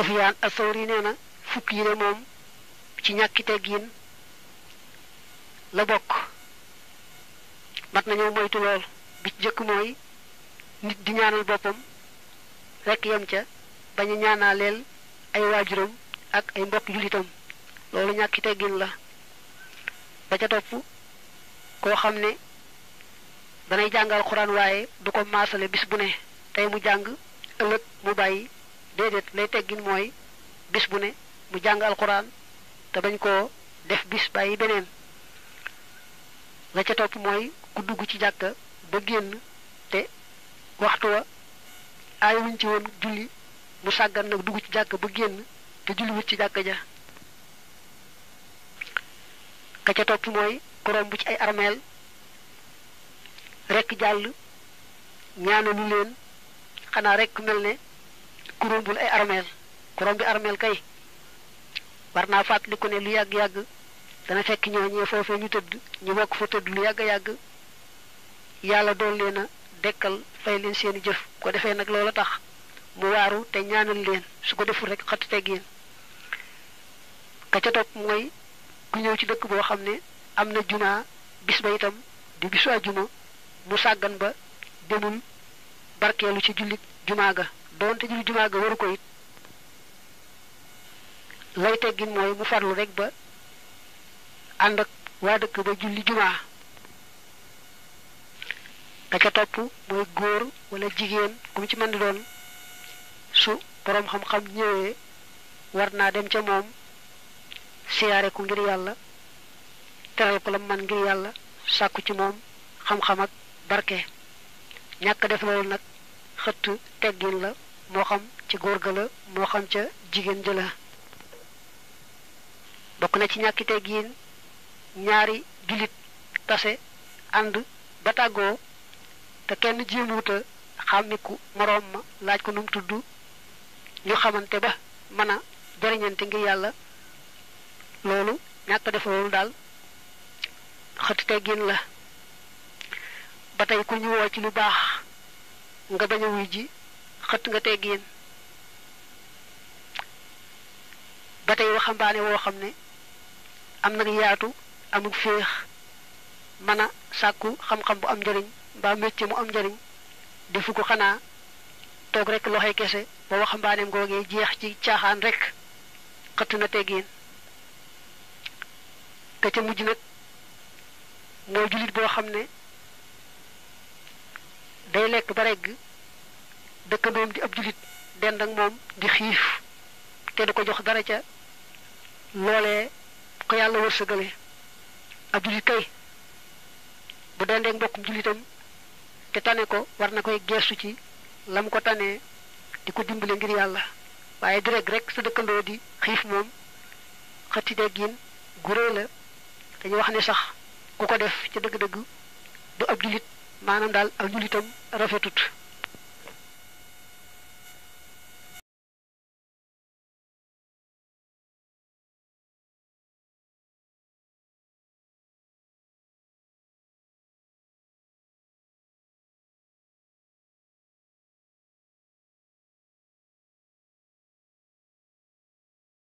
Sufyaan as-Sawri nee na fukk yi de moom ci ñàkki teggiin la bokk mat nañoo moytu lool bi jëkk mooy nit di ñaanal boppam rekk yem ca bañ a ñaanaaleel ay waajuram ak ay mbokk jullitam loolu ñàkki teggin la ba ca topp koo xam ne danay jàngal xuraan waaye du ko maasale bis bu ne tey mu jàng ëllëg mu bàyyi déedéet lay teggin mooy bis bu ne mu jàng alxuraan te bañ koo def bis bàyyi beneen la ca topp mooy ku dugg ci jàkk ba génn te waxtu wa aay wuñ ci woon sàggan nag ci jàkka ba génn te julli ci jàkka ja ka ca topp mooy ku bu ci ay armeel rekk jàll ñaanalu leen xanaa rekk mel ne ku rombul ay armeel ku bi armeel kay war naa fàttaliku ne lu yàgg-yàgg dana fekk ñooñee foofee ñu tëdd ñu bokk fa tëdd lu yàgg-yàgg yàlla doon leen a dekkal fay leen seeni jëf ko defee nag loola tax mu waaru te ñaanal leen su ko deful rek xatu teggin ka ca topp mooy ku ñëw ci dëkk boo xam ne am na jumaa bis ba itam di bisu àjjuma mu sàggan ba demul barkeelu ci jullit jumaa ga doonte julli jumaa ga waru ko it lay teggin mooy mu farlu rek ba ànd ak waa dëkk ba julli jumaa da ca topp mooy góor walla jigéen ku mu ci mën di doon su boroom xam-xam ñëwee war naa dem ca moom siyaare ko ngir yàlla teral ko la man ngir yàlla sàkku ci moom xam-xam ak barke ñàkk def loolu nag xëtt teggin la moo xam ci góor ga la moo xam ca jigéen ja la bokk na ci ñàkki giin ñaari julit tase ànd ba tàggoo te kenn jéemuuta xàmmiku morom ma laaj ko num tudd ñu xamante ba mën a jariñante ngir yàlla loolu ñàkk def loolu daal xëtt giin la ba tey ku ñu woo ci lu baax nga bañ wuy ji xëtt nga teggiin ba tey waxambaane woo xam ne am nag yaatu amuk féex mën a sàkku xam-xam bu am njëriñ mbaa métier mu am njëriñ defu ko xanaa toog rekk loxoy kese ba waxambaaneem ngoogee jeex ci caaxaan rek xëtt na teggiin te ca mujj nag mooy jullit boo xam ne day lekk ba regg dëkkandoom di ab julit dend ak moom di xiif te du ko jox dara ca loolee ko yàlla wërsëgale ab julit kay bu dendeek mbokkum julitam te tane ko war na koy geestu ci lam ko tanee di ko dimbale ngir yàlla waaye di rekk rek sa dëkkandoo di xiif moom xëtti déggiin gurée la dañuy wax ne sax ku ko def ca dëgg-dëgg du ab julit maanaam daal ak julitam rafetut